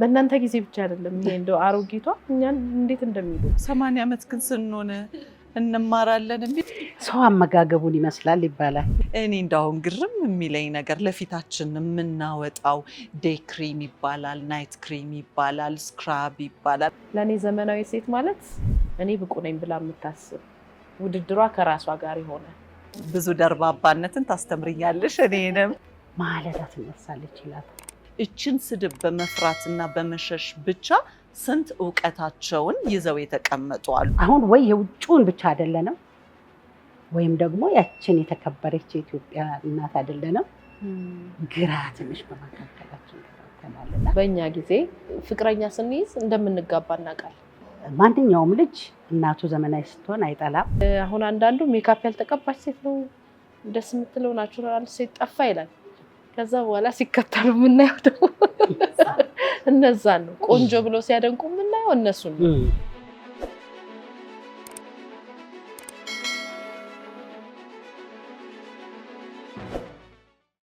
በእናንተ ጊዜ ብቻ አይደለም። ይሄ እንደው አሮጊቷ እኛን እንዴት እንደሚሉ ሰማንያ ዓመት ግን ስንሆን እንማራለን የሚል ሰው አመጋገቡን ይመስላል ይባላል። እኔ እንዳሁን ግርም የሚለኝ ነገር ለፊታችን የምናወጣው ዴይ ክሪም ይባላል፣ ናይት ክሪም ይባላል፣ ስክራብ ይባላል። ለእኔ ዘመናዊ ሴት ማለት እኔ ብቁ ነኝ ብላ የምታስብ ውድድሯ ከራሷ ጋር የሆነ ብዙ ደርባባነትን ታስተምርኛለሽ እኔንም ማለት አትነሳለች ይላል እችን ስድብ በመፍራትና በመሸሽ ብቻ ስንት እውቀታቸውን ይዘው የተቀመጡ አሉ። አሁን ወይ የውጭውን ብቻ አይደለንም፣ ወይም ደግሞ ያችን የተከበረች የኢትዮጵያ እናት አይደለንም። ግራ ትንሽ በመካከላችን ተናልና በእኛ ጊዜ ፍቅረኛ ስንይዝ እንደምንጋባ እናውቃለን። ማንኛውም ልጅ እናቱ ዘመናዊ ስትሆን አይጠላም። አሁን አንዳንዱ ሜካፕ ያልተቀባች ሴት ነው ደስ የምትለው ናቹራል ሴት ጠፋ ይላል። ከዛ በኋላ ሲከተሉ የምናየው ደግሞ እነዛን ነው። ቆንጆ ብሎ ሲያደንቁ የምናየው እነሱን ነው።